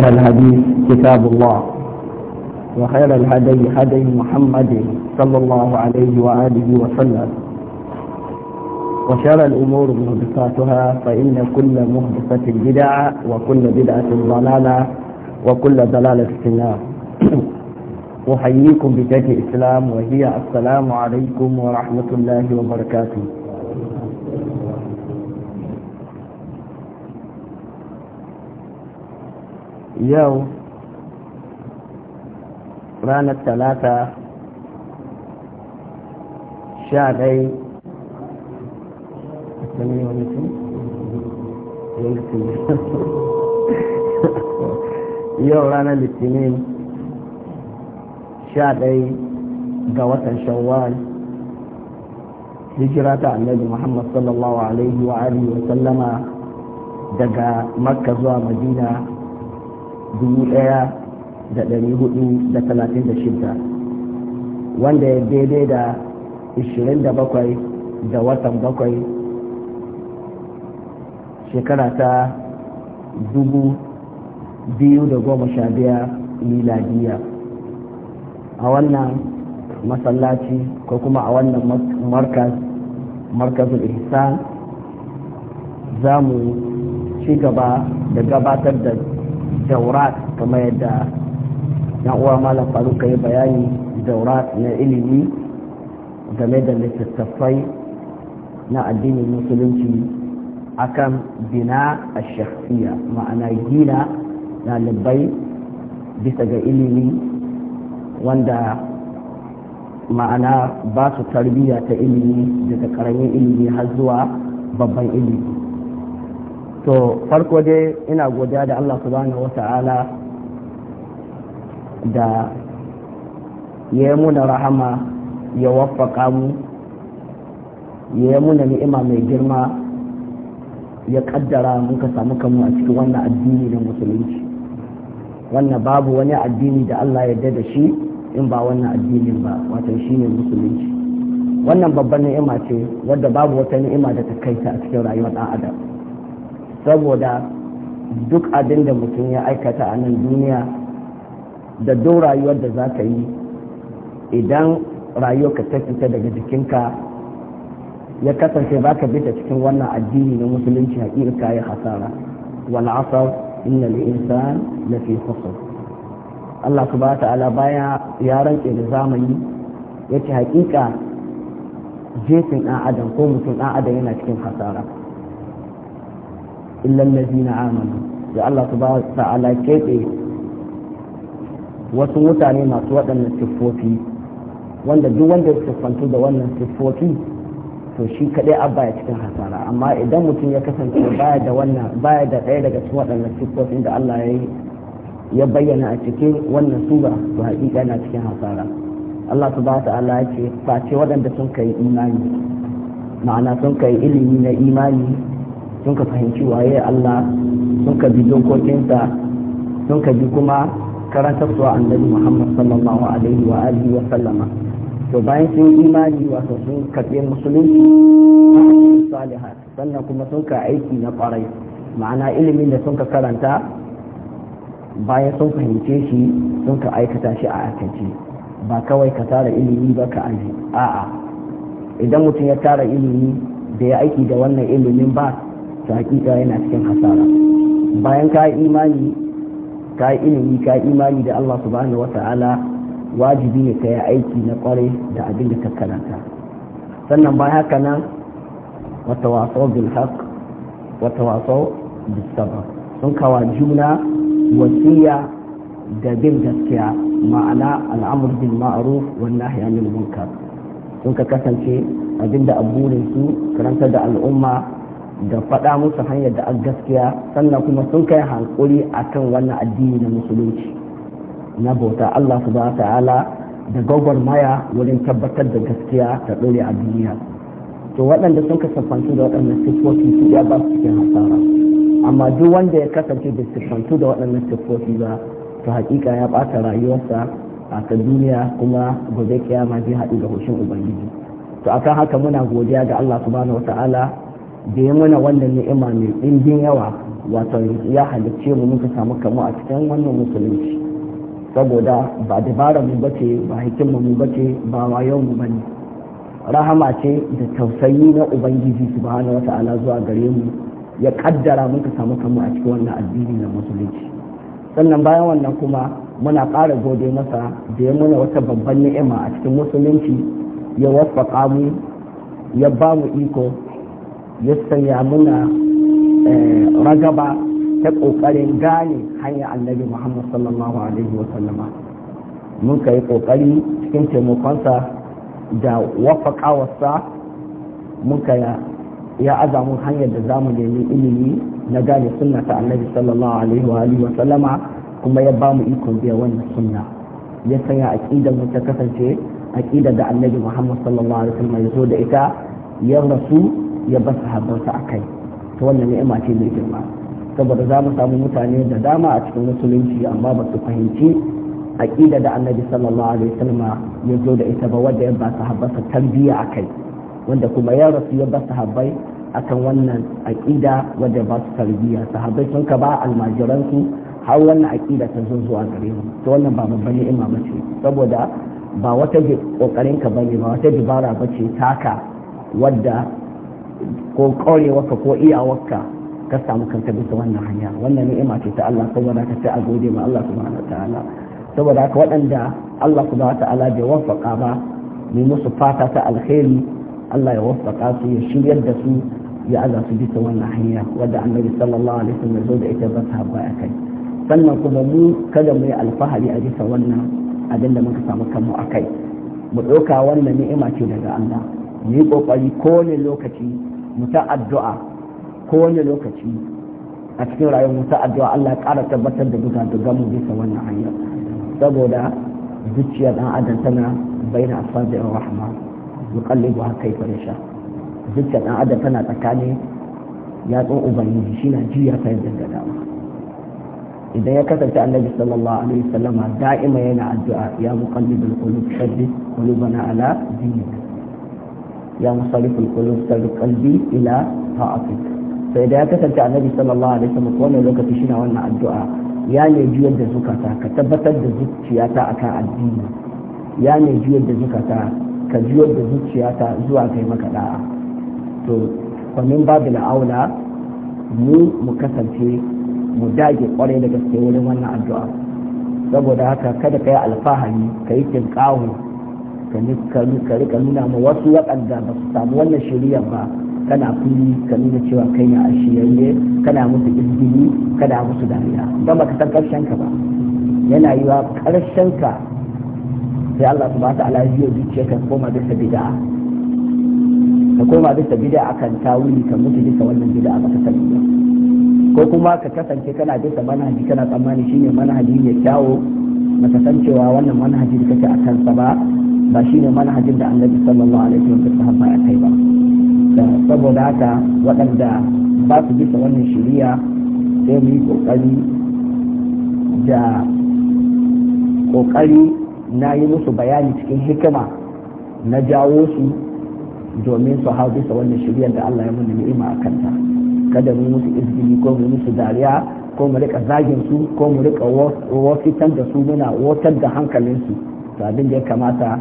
الحديث كتاب الله وخير الهدي هدي محمد صلى الله عليه وآله وسلم وشر الأمور مهدفاتها فإن كل مهدفة بدعة وكل بدعة ضلالة وكل ضلالة في النار أحييكم بتاج الإسلام وهي السلام عليكم ورحمة الله وبركاته yau ranar talata sha dai yau ranar litinin sha dai ga watan shawwal hijira ta annabi muhammad sallallahu alaihi wa wa sallama daga makka zuwa madina dubu ɗaya da ɗari hudu da talatin da shida wanda ya daidai da ishirin da bakwai da watan bakwai shekara ta dubu biyu da goma sha biyar miladiya a wannan masallaci ko kuma a wannan markaz markazul za mu ci gaba da gabatar da daurat kamar yadda na uwa malam faru bayani daurat na ilimi game da littattafai na addinin musulunci akan bina a shakhsiya ma'ana gina ɗalibai bisa ga ilimi wanda ma'ana ba su tarbiyya ta ilimi daga karamin ilimi har zuwa babban ilimi to farko dai ina godiya da Allah subhanahu ta'ala da ya yi muna rahama ya waffaka mu ya yi muna ni'ima mai girma ya kaddara muka samu kanmu a cikin wannan addini na musulunci wannan babu wani addini da Allah ya da shi in ba wannan addinin ba wato ne musulunci wannan babban ni'ima ce wadda babu wata ni'ima da ta ta a cikin rayuwar ɗan adam saboda duk abin da mutum ya aikata a nan duniya da duk rayuwar da za ka yi idan rayuwar ka ta fita daga jikinka ya kasance ba ka bita cikin wannan addini na musulunci a ka yi hasara wani asar inna insa insan fi khusr Allah subhanahu ta'ala baya ya rantse da zamani ya ce haƙiƙa jefin ɗan adam ko mutum ɗan adam yana cikin hasara illal ladina amanu da Allah subhanahu wa ta'ala kebe wasu mutane masu waɗannan siffofi wanda duk wanda ya siffantu da wannan siffofi to shi kaɗai abba ya cikin hasara amma idan mutum ya kasance baya da wannan baya da ɗaya daga cikin waɗannan siffofin da Allah ya yi ya bayyana a cikin wannan sura to haƙiƙa yana cikin hasara Allah subhanahu ta'ala ya ce ba ce waɗanda sun kai imani ma'ana sun kai ilimi na imani sun ka fahimci waye Allah sun ka bi dokokinsa sun ka bi kuma karanta su annabi Muhammad sallallahu alaihi wa alihi wa sallama to bayan sun imani wato sun karɓi musulunci salihat sannan kuma sun ka aiki na kwarai ma'ana ilimin da sun ka karanta bayan sun fahimce shi sun ka aikata shi a aikace ba kawai ka tara ilimi ba ka aji a'a idan mutum ya tara ilimi da ya aiki da wannan ilimin ba to hakika yana cikin hasara bayan ka yi imani ka yi ilimi ka yi imani da Allah subhanahu wa ta'ala wajibi ne ka yi aiki na kwarai da abin da ka karanta sannan bayan haka nan wata wasau bil haq wata wasau bis sabr sun kawa juna wasiya da bin gaskiya ma'ana al'amur bil ma'ruf wan nahy anil munkar sun ka kasance abinda aburin su karantar da al'umma da faɗa musu hanyar da a gaskiya sannan kuma sun kai hankuri kan wannan addini na musulunci na bauta Allah ba ta'ala da maya wurin tabbatar da gaskiya ta ɗore a duniya to waɗanda sun kasafantu da waɗannan siffofi su ya ba su cikin hasara amma duk wanda ya kasance da siffantu da waɗannan siffofi ba to hakika ya ɓata rayuwarsa a ta duniya kuma gobe kiyama zai haɗu da hoshin ubangiji to akan haka muna godiya ga Allah subhanahu ta'ala. da ya mana wannan ni'ima mai ɗimbin yawa wato ya halicce mu muka samu kamu a cikin wannan musulunci saboda ba dabara mu bace ba hikima mu bace ba wayo mu bane rahama ce da tausayi na ubangiji subhanahu wata'ala zuwa gare mu ya kaddara muka samu kamu a cikin wannan addini na musulunci sannan bayan wannan kuma muna ƙara gode masa da ya muna wata babban ni'ima a cikin musulunci ya wasfaƙa mu ya ba mu iko ya sanya muna ragaba ta ƙoƙarin gane hanyar annabi muhammad sallallahu alaihi wa sallama mun ka yi ƙoƙari cikin taimakonsa da wafaƙawarsa mun ka ya azamun hanyar da zamu nemi ilimi na gane sunna ta annabi sallallahu alaihi wa sallama kuma ya ba mu ikon biya wannan sunna ya sanya aƙidar mu ta kasance aƙidar da annabi muhammad sallallahu alaihi wa sallama ya zo da ita ya rasu ya ba sahabbansa a kai ta wannan ni'ima ce mai girma saboda za mu samu mutane da dama a cikin musulunci amma ba su fahimci aƙida da annabi sallallahu alaihi wasallam ya zo da ita ba wanda ya ba sahabbansa tarbiyya a kai wanda kuma ya rasu ya ba sahabbai akan wannan aƙida wanda ba su tarbiyya sahabbai sun ka ba almajiransu har wannan aƙida ta zo zuwa gare mu ta wannan ba babban ni'ima ba ce saboda ba wata kokarin ka bane ba wata dibara ba ce taka wadda ko ƙwarewarka ko iyawarka ka samu kanka bisa wannan hanya wannan ni'ima ce ta Allah saboda ka a gode ma Allah subhanahu wataala saboda haka waɗanda Allah subhanahu wataala bai wafaka ba mai musu fata ta alheri Allah ya wafaka su ya shiryar da su ya aza su bisa wannan hanya wadda annabi sallallahu alaihi wasallam ya zo da ita zata baya kai sannan kuma mu kada mu yi alfahari a bisa wannan abin da muka samu kanmu a kai mu ɗauka wannan ni'ima ce daga Allah mu yi ƙoƙari kowane lokaci mu ta addu'a kowane lokaci a cikin rayuwar mu ta addu'a Allah ya ƙara tabbatar da duka da gamu bisa wannan hanya saboda zuciya dan adam tana bayyana a rahma yuqallibu ha kaifa yasha zuciya dan adam tana tsakanin yatsun ubangiji shi na juya ta yadda da dama idan ya kasance annabi sallallahu alaihi wasallama da'ima yana addu'a ya muqallibul qulub shaddid qulubana ala dinik ya musarifu alqulub sal ila ta'atik sai da ya kasance annabi sallallahu alaihi wasallam wannan lokaci shi na wannan addu'a ya ne juyar da zukata ka tabbatar da zuciyata akan addini ya ne juyar da zukata ka juyar da zuciyata zuwa kai maka da'a to kwamin babu la'aula mu mu kasance mu dage kwarai da gaske wurin wannan addu'a saboda haka kada ka yi alfahari ka yi tinkawo ka rika nuna ma wasu waɗanda ba su samu wannan shari'a ba kana kuli ka nuna cewa kai na ashiyayye kana musu izgili kana musu dariya don ba ka san karshen ka ba yana yi wa karshen ka sai Allah ba ta ta'ala ya zuciya ka koma bisa bid'a ka koma bisa bid'a kan tawili ka mutu bisa wannan bid'a a ka sani ba ko kuma ka kasance kana bisa manhaji kana tsammani shine manhaji ne kyawo ka san cewa wannan manhaji da kake a kansa ba ba shi ne manhajin da annabi sallallahu alaihi wa sallam ya kai ba saboda haka waɗanda ba su bisa wannan shiriya sai mu yi kokari da kokari na yi musu bayani cikin hikima na jawo su domin su hau bisa wannan shari'a da Allah ya mun ni'ima a kanta kada mu musu izgili ko mu musu dariya ko mu rika zagin su ko mu rika wasitan da su muna wotar da hankalin su abin da ya kamata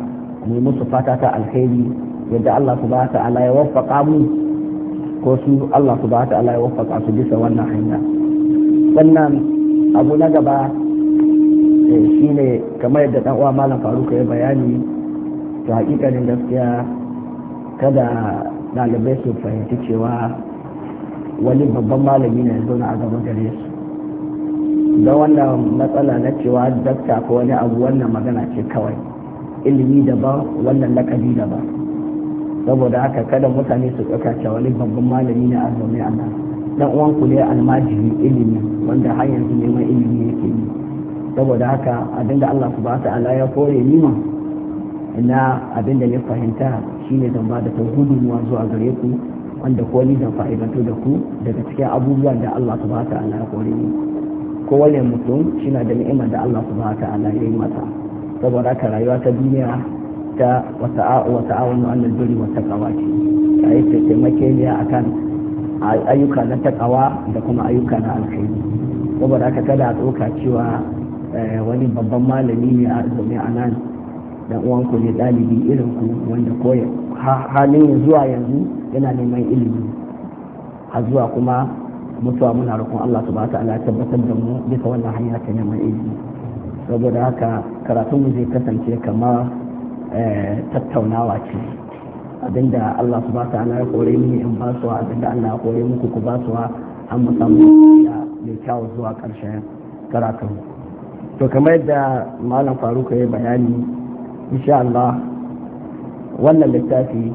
mu musu fata ta alheri yadda Allah subhanahu ta'ala ya waffaka mu ko su Allah subhanahu ta'ala ya waffaka su bisa wannan hanya sannan abu na gaba eh, shine kamar yadda dan uwa malam Faruk ya bayani to hakikanin gaskiya kada ɗalibai su fahimci cewa wani babban malami ne zauna a gaban gare su don wannan matsala na cewa dakta ko wani abu wannan magana ce kawai ilimi daban wannan lakabi daban saboda haka kada mutane su tsaka cewa wani babban malami ne azumi Allah dan uwan ku ne almajiri ilimi wanda har yanzu neman ilimi yake yi saboda haka abinda Allah subhanahu ta'ala ya kore ni ma ina abinda ne fahimta shine zan ba da ta gudunmuwa zuwa gare ku wanda ko ni zan da ku daga cikin abubuwan da Allah subhanahu ta'ala ya kore ni kowane mutum shi da ni'imar da Allah subhanahu ta'ala ya yi masa saboda haka rayuwa ta duniya ta wata'a'u wata'awunu annal birri wata kawa ce ta yi a kan ayyuka na takawa da kuma ayyuka na alkhairi saboda haka kada a tsoka cewa eh, wani babban malami ne a zaune a nan dan uwanku ne dalibi irin ku wanda ko halin zuwa yanzu yana neman ilimi a zuwa kuma mutuwa muna roƙon Allah subhanahu wa ta'ala tabbatar da mu bisa wannan hanya ta neman ilimi saboda haka karatunmu zai kasance kamar eh, tattaunawa ce abinda Allah su ba su ana ya kore mini in ba su abinda Allah ya kore muku ku ba su an musamman da mai kyawu zuwa ƙarshen karatun to kamar yadda malam faruka ya bayani insha Allah wannan littafi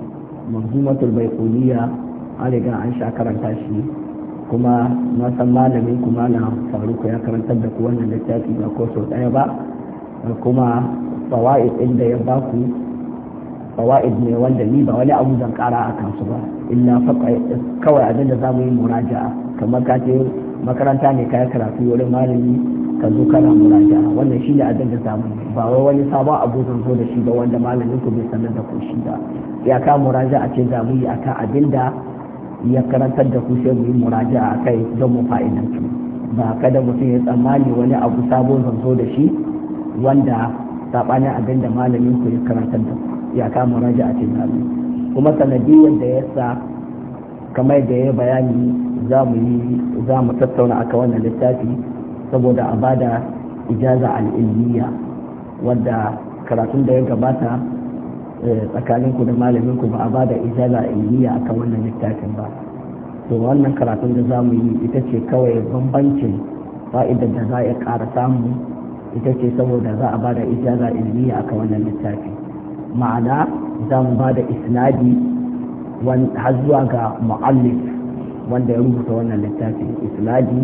manzumatul baiquniya an riga an sha karanta shi kuma na san malamin ku malam faruku ya karantar da ku wannan littafi ba ko sau ɗaya ba kuma fawaid ɗin da ya ba ku fawaid ne wanda ni ba wani abu zan ƙara a kansu ba illa kawai abin da za mu yi muraja'a kamar ka ce makaranta ne kayan karatu wani malami ka zo kana muraja'a wannan shi ne abin da za mu yi ba wai wani sabon abu zan zo da shi ba wanda malamin ku bai sanar da ku shi ba iyaka muraja'a ce za mu yi akan abin da ya karantar da ku sai mu yi muraja a kai don mu fa'idantu ba kada mutum ya tsammani wani abu sabo zanzo da shi wanda sabanin abin da malamin ku ya karantar da ya ka muraja a cikin kuma sanadiyyar da ya sa kamar da ya bayani za mu yi za mu tattauna aka wannan littafi saboda a bada ijaza al'ilmiya wadda karatun da ya gabata Eh, tsakanin ku da malamin ku ba a ba da ijaba ilmiya akan wannan littafin ba to wannan karatun da zamu yi ita ce kawai bambancin fa'idar da za a ƙara samu ita ce saboda za a ba da ijaba ilmiya akan wannan littafin ma'ana za mu ba da isnadi har zuwa ga mu'allif wanda ya rubuta wannan littafi isnadi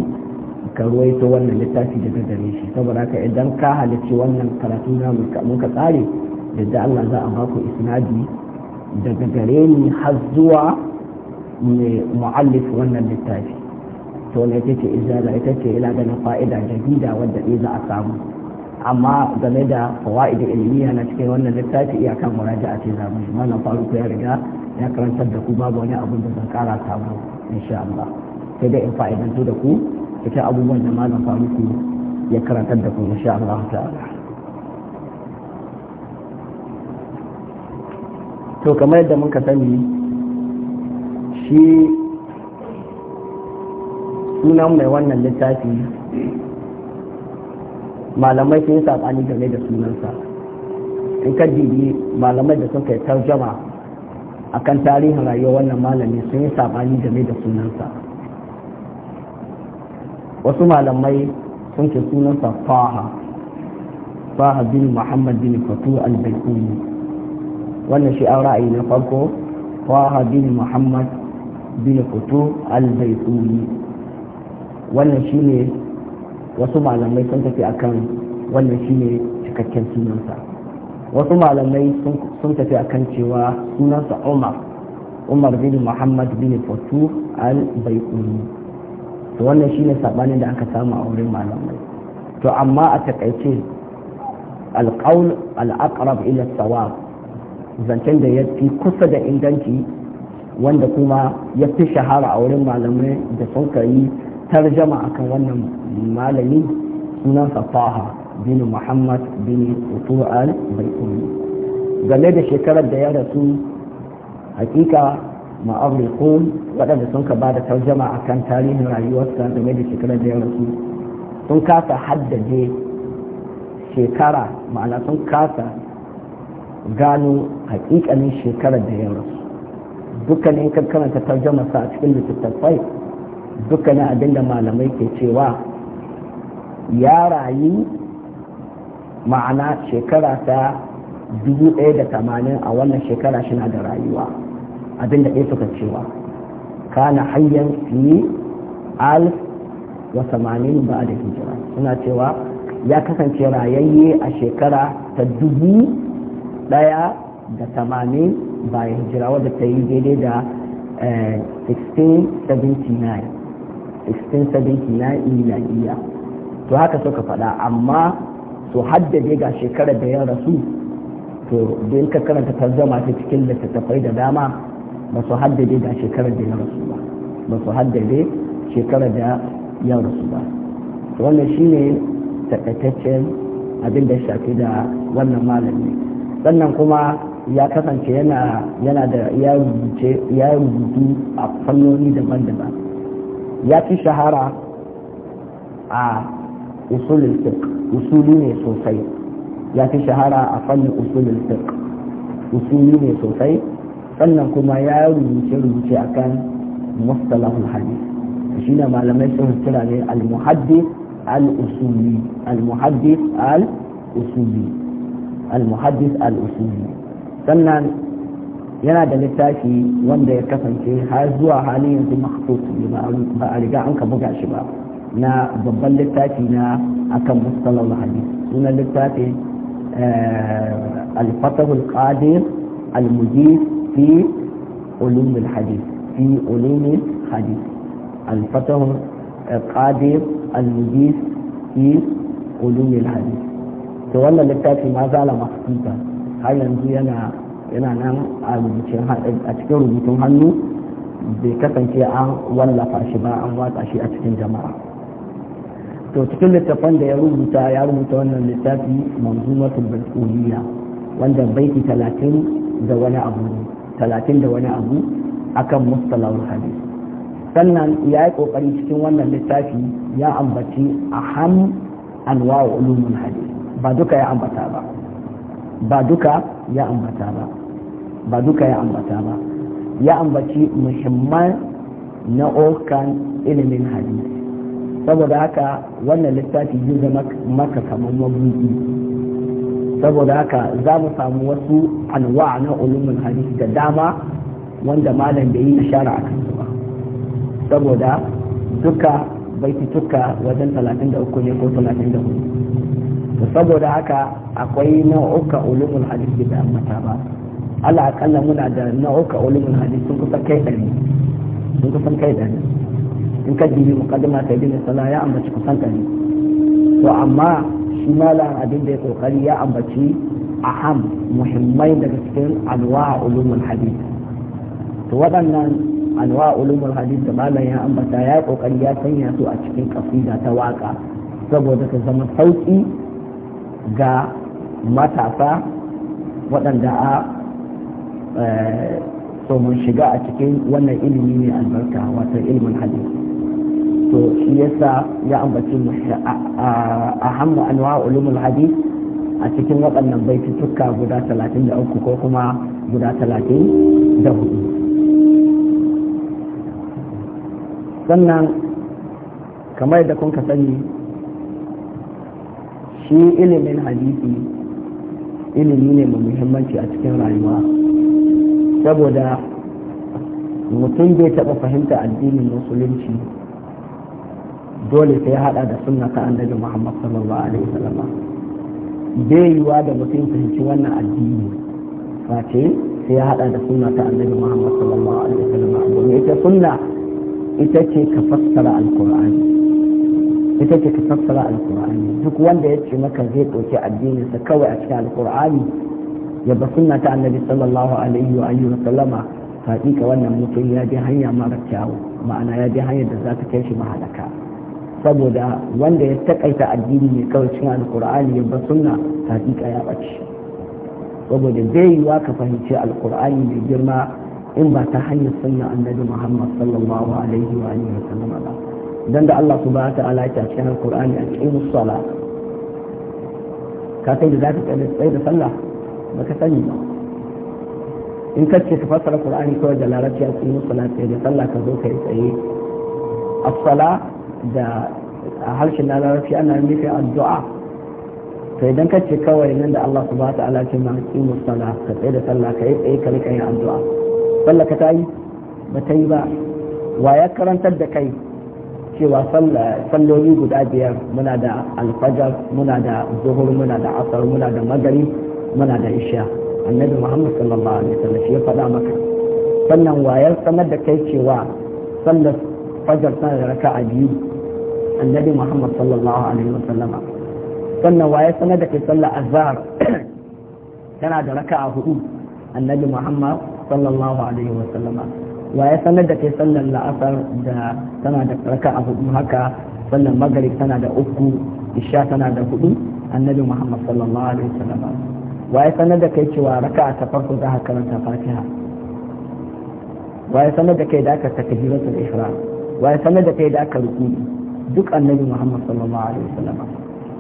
ka ruwaito wannan littafi daga gare shi saboda haka idan ka halarci wannan karatu na mun ka tsare yadda Allah za a baku isnadi daga gare ni har zuwa mu'allif wannan littafi to ne ita ce ita ce ila ganin fa'ida jadida wadda ɗaya za a samu amma game da fawa'idin ilmiya na cikin wannan littafi iyakan muraja'a ce za mu yi faruku ya riga ya karantar da ku babu wani abin da zan kara samu insha Allah sai dai in fa'idantu da ku ita abubuwan da malam faruku ya karantar da ku insha Allah ta'ala to kamar yadda muka sani shi sunan mai wannan littafi malamai sun yi saɓani game da sunansa in ka dibi malamai da suka yi tarjama a kan tarihin rayuwar wannan malami sun yi saɓani game da sunansa wasu malamai sun ke sunansa faha faha bin muhammad bin fatu al-baikuni wannan shi an ra'ayi na farko taha bin muhammad bin fito al-baituni wannan shi ne wasu malamai sun tafi akan wannan shi ne cikakken sunansa wasu malamai sun tafi akan cewa sunansa umar umar bin muhammad bin fito al-baituni to wannan shi ne sabanin da aka samu a wurin malamai to amma a takaice al aqrab ila sawab zancen da ya fi kusa da inganci wanda kuma ya fi shahara a wurin malamai da sun yi tarjama akan wannan malami sunan safaha bin muhammad bin utur al baikuni game da shekarar da ya rasu hakika ma'aurikun waɗanda sun ka ba da tarjama akan tarihin rayuwarsa game da shekarar da ya rasu sun kasa haddade shekara ma'ana sun kasa gano hakikanin shekarar da ya rasu dukkanin ka karanta tarjama sa a cikin littattafai dukkanin abinda malamai ke cewa ya rayu ma'ana shekara ta dubu ɗaya da tamanin a wannan shekara shi na da rayuwa abinda ɗaya suka cewa kana hanyar fiye alf wa samanin ba da hijira suna cewa ya kasance rayayye a shekara ta dubu ɗaya da tamanin bayan hijira wadda ta yi daidai da 1679 eh, 1679 to haka suka faɗa amma to haddade ga shekarar da ya rasu to don ka karanta tarzama ta cikin littattafai da dama ba su haddade ga shekarar da ya rasu ba ba su haddade shekarar da ya rasu ba wannan shine takaitaccen abinda da shafi da wannan malami sannan kuma ya kasance yana yana da ya rubuce rubutu a fannoni daban-daban ya fi shahara a usulul usuli ne sosai ya fi shahara a fannin usulul fiqh usuli ne sosai sannan kuma ya rubuce rubuce akan mustalahul hadith shi ne malamai sun kira ne al-muhaddith al-usuli al-muhaddith al-usuli المحدث الاصولي الأسلمي سنة ينادى للتاكي واندى يكفن في هازوى حاليا في مخطوط مخصوص بأرقاء عنك بقع شباب نا ضبال للتاكي نا أكم مصطلع الحديث سنن للتاكي آه، الفتح القادر المجيد في علوم الحديث في علوم الحديث الفتح القادر المجيد في علوم الحديث to wannan littafi ma zala masuta har yanzu yana yana nan a cikin rubutun hannu bai kasance an wallafa shi ba an watsa shi a cikin jama'a to cikin littafan da ya rubuta ya rubuta wannan littafi manzumatul baituliyya wanda baiti talatin da wani abu talatin da wani abu akan mustalahul hadis sannan ya yi kokari cikin wannan littafi ya ambaci aham anwa ulumul hadis ba duka ya ambata ba ba duka ya ambata ba ba duka ya ambata ba ya ambaci muhimman okan ilimin hadisi saboda haka wannan littafi zai zama maka kamar mabuɗi saboda haka za mu samu wasu anwa na ulumin hadisi da dama wanda malam bai yi ishara a kansu ba saboda duka bai tuka wajen 33 ne ko 34 saboda haka akwai nau'uka ulumul hadisi da mata ba Allah akalla muna da nau'uka ulumul hadisi sun kusan kai ɗari sun kusan kai ɗari in ka jibi muqaddima ta ibn salah ya ambaci kusan ɗari to amma shi malam abin da ya kokari ya ambaci aham muhimmai daga cikin alwa ulumul hadisi to waɗannan alwa ulumul hadis da malam ya ambata ya kokari ya sanya su a cikin kasida ta waka saboda ta zama sauki ga matasa waɗanda a tsohon eh, shiga a cikin wannan ilimi ne albarka wato ilimin hali to shi yasa ya ambaci a hamma anwa ulumul hadis a cikin waɗannan tukka guda 33 ko kuma guda 34 sannan kamar da kun ka sani shi ilimin hadisi ilimi ne mai muhimmanci a cikin rayuwa saboda mutum bai taɓa fahimta addinin musulunci dole sai hada da sunna ta annabi Muhammad sallallahu alaihi wasallam bai yiwa da mutum fahimci wannan addini face sai ya hada da sunna ta annabi Muhammad sallallahu alaihi wasallam domin ita sunna ita ce ka fassara alkur'ani. ita ce ka fassara alkur'ani duk wanda ya ce maka zai ɗauki addininsa kawai a cikin alkur'ani ya ba sunna ta annabi sallallahu alaihi wa alihi wa sallama hakika wannan mutum ya bi hanya mara kyawu ma'ana ya bi hanyar da za ta kai shi mahalaka saboda wanda ya takaita addini ne kawai cikin alkur'ani ya ba sunna hakika ya ɓace saboda bai yiwa ka fahimci alkur'ani mai girma in ba ta hanyar sunna annabi muhammad sallallahu alaihi wa alihi wa sallama ba dan da Allah subhanahu wa ta'ala ya cikin alqur'ani a cikin Musala, ka sai da zaka tsaye da sallah ba ka sani ba in ka ce ka fassara qur'ani kawai da larabci a cikin Musala, sai da sallah ka zo ka yi tsaye as-sala da a harshen larabci ana nufin addu'a to idan ka ce kawai nan da Allah subhanahu wa ta'ala ce ma cikin Musala ka tsaye da sallah ka yi tsaye ka rika yin addu'a sallah ka ta yi ba ta yi ba wa ya karantar da kai cewa salloli guda biyar muna da alfajar muna da zuhur muna da asar muna da magari muna da isha annabi muhammad sallallahu alaihi wasallam shi ya faɗa maka sannan wayar sanar da kai cewa sallar fajar tana da raka'a biyu annabi muhammad sallallahu alaihi wasallam sannan wayar sanar da kai sallar azhar tana da raka'a hudu annabi muhammad sallallahu alaihi wasallam wa ya sanar da kai sallar la'asar da tana da raka a hudu haka sallar magrib tana da uku isha tana da hudu annabi muhammad sallallahu alaihi wasallam wa ya sanar da kai cewa raka ta farko za ka karanta fatiha wa ya sanar da kai da aka takbiratul ihram wa ya sanar da kai da aka ruku'i duk annabi muhammad sallallahu alaihi wasallam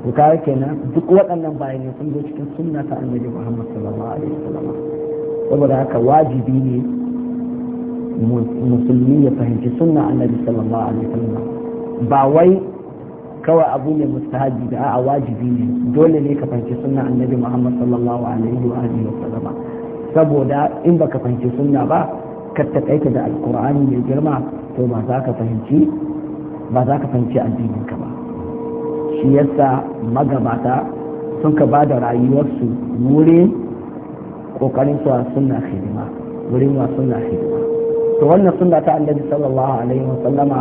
to kaga kenan duk waɗannan bayanai sun zo cikin sunna ta annabi muhammad sallallahu alaihi wasallam saboda haka wajibi ne musulmi ya fahimci sunna annabi sallallahu alaihi wasallam ba wai kawai abu ne mustahabi da a wajibi ne dole ne ka fahimci suna annabi muhammad sallallahu alaihi wa alihi wasallam saboda in baka fahimci sunna ba ka takaita da alqur'ani mai girma to ba za ka fahimci ba za ka fahimci addinin ka ba shi yasa magabata sun ka ba da rayuwarsu wurin kokarin su a wurin hidima to wannan sunna ta annabi sallallahu alaihi wasallama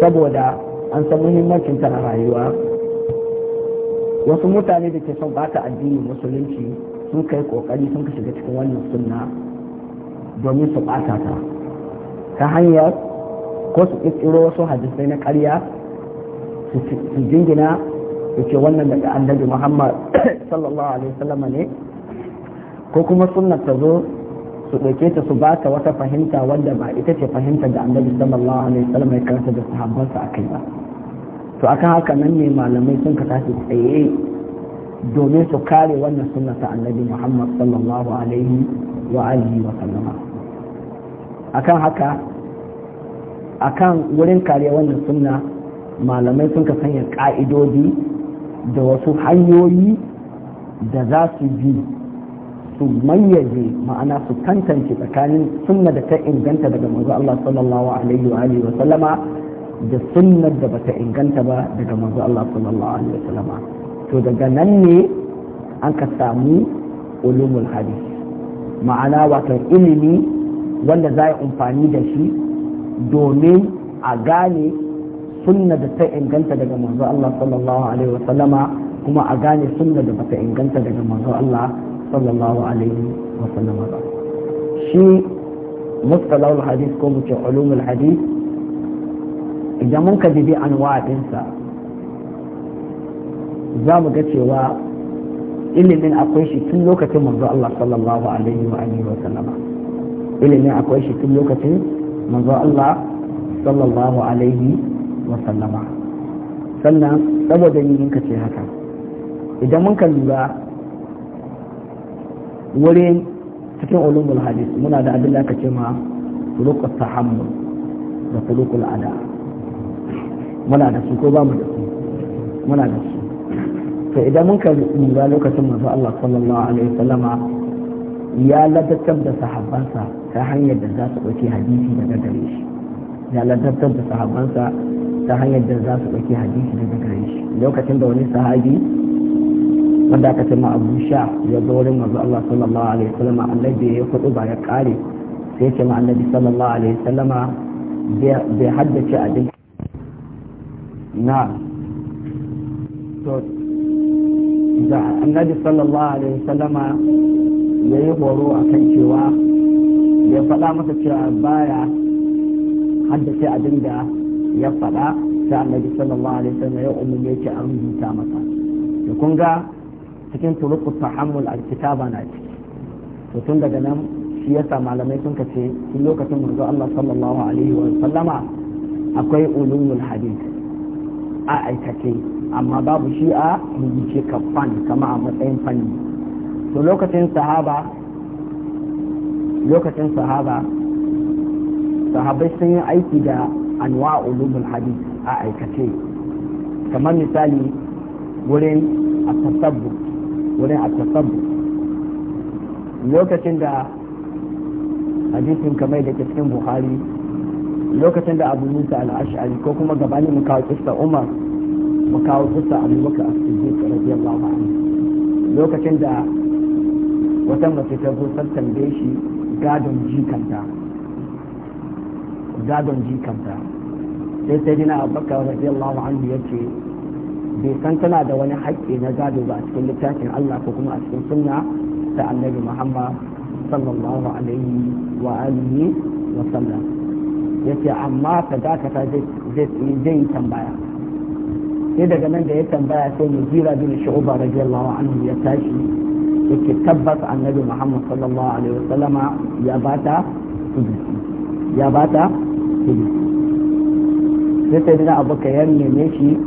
saboda an san muhimmancin ta a rayuwa wasu mutane da ke son bata addinin musulunci sun kai kokari sun ka shiga cikin wannan sunna domin su bata ta ta hanyar ko su kirkiro wasu hadisai na ƙarya su jingina da ke wannan daga annabi muhammad sallallahu alaihi wasallama ne ko kuma sunna ta zo su ɗauke ta su baka wata fahimta wanda ba ita ce fahimta da annabi sallallahu alaihi wasallam ya karanta da sahabbansa akai ba to akan haka nan ne malamai sun ka tashi tsaye domin su kare wannan sunna ta annabi Muhammad sallallahu alaihi wa alihi wa sallama akan haka akan wurin kare wannan sunna malamai sun ka sanya ka'idodi da wasu hanyoyi da za su bi su mayyaje ma'ana su tantance tsakanin sunna da ta inganta daga manzo Allah sallallahu alaihi wa alihi wa sallama da sunnar da bata inganta ba daga manzo Allah sallallahu alaihi wa sallama to daga nan ne an ka samu ulumul hadith ma'ana wato ilimi wanda za a amfani da shi domin a gane sunna da ta inganta daga manzo Allah sallallahu alaihi wa sallama kuma a gane sunna da bata inganta daga manzo Allah sallallahu alaihi wa sallam ba shi mustalahul hadith ko mu ce ulumul hadith idan mun ka bibi anwa ɗinsa za mu ga cewa ilimin akwai shi tun lokacin manzo Allah sallallahu alaihi wa alihi wa sallama ilimin akwai shi tun lokacin manzo Allah sallallahu alaihi wa sallama sannan saboda yin ka ce haka idan mun ka lura wurin cikin ulumul hadis muna da abin da aka ce ma tulukul tahammul da tulukul ada muna da su ko ba mu da su muna da su to idan mun ka lura lokacin manzo Allah sallallahu alaihi wasallama ya ladabtar da sahabbansa ta hanyar da za su ɗauki hadisi daga gare shi ya ladabtar da sahabbansa ta hanyar da za su ɗauki hadisi daga gare shi lokacin da wani sahabi wanda aka ce abu sha ya zo wurin manzo Allah sallallahu alaihi wasallam annabi ya kudu ba ya kare sai ya ce ma annabi sallallahu alaihi wasallama bai haddace abin na to da annabi sallallahu alaihi wasallama ya yi horo a kan cewa ya faɗa masa cewa baya haddace abin da ya faɗa sai annabi sallallahu alaihi wasallama ya umarni ya ce a rubuta masa kun ga cikin turuku tahammul a kitaba na ciki to tun daga nan shi yasa malamai sun kace cikin lokacin manzo Allah sallallahu alaihi wa sallama akwai ulumul hadith a aikace amma babu shi a rubuce fan kama a matsayin fanni to lokacin sahaba lokacin sahaba sahabai sun yi aiki da anwa ulumul hadith a aikace kamar misali wurin a tasabbu wani a tasabbu lokacin da hadisin kamar da ke cikin buhari lokacin da abu musa al'ashari ko kuma gabanin mu kawo kista umar mu kawo kista abubakar a cikin radiyallahu anhu lokacin da wata mace ta zo san tambaye shi gadon jikanta gadon jikanta sai sai dina abubakar radiyallahu anhu ya ce bai san tana da wani haƙƙi na gado ba a cikin littafin Allah ko kuma a cikin sunna ta annabi Muhammad sallallahu alaihi wa alihi wa sallam yace amma ka dakata zai tambaya sai daga nan da ya tambaya sai mu jira bin shu'ba radiyallahu anhu ya tashi yake tabbas annabi Muhammad sallallahu alaihi wa sallam ya bata ya bata sai sai da abubakar ya neme shi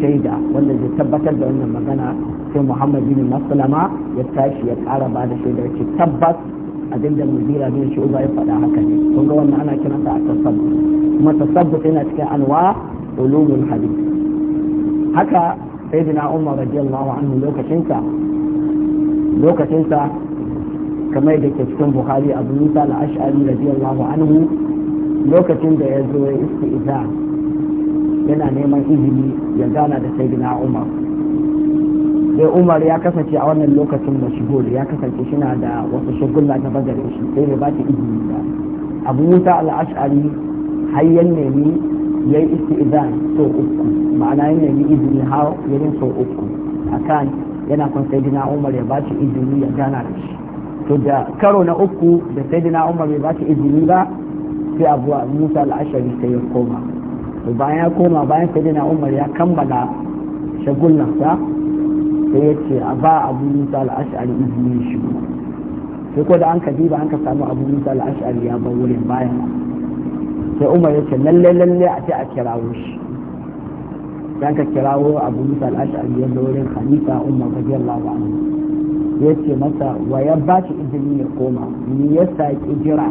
shaida wanda zai tabbatar da wannan magana sai muhammad bin maslama ya tashi ya kara ba da shaidar ce tabbas abin da zai bin uba ya faɗa haka ne kun ga wannan ana kiran sa tasabbut kuma tasabbut yana cikin anwa ulumul hadith haka sayyidina umar radiyallahu anhu lokacin sa lokacin sa kamar da ke cikin buhari abu musa al-ash'ari radiyallahu anhu lokacin da ya zo ya istiza yana neman izini ya gana da sayyidina umar sai umar ya kasance a wannan lokacin mashhur ya kasance shina da wasu shagulna ta bazare shi sai bai ba ta izini ba abu musa al-ash'ari har yan nemi yayi isti'zan so uku ma'ana yin nemi izini ha yayin so uku akan yana kan sayyidina umar ya ba ta izini ya gana da shi to da karo na uku da sayyidina umar bai ba ta izini ba sai abu musa al-ash'ari sai ya koma to bayan koma bayan sayyidina umar ya kammala sa sai ya ce a ba abu musa al'ashari izinin shi sai ko da an ka diba an ka samu abu musa al'ashari ya bar wurin bayan sai umar ya ce lalle lalle a ce a kirawo shi dan ka kirawo abu musa al'ashari ya bar wurin khalifa umar radiyallahu anhu ya ce masa wa ya ba shi izini ya koma ni ya sa jira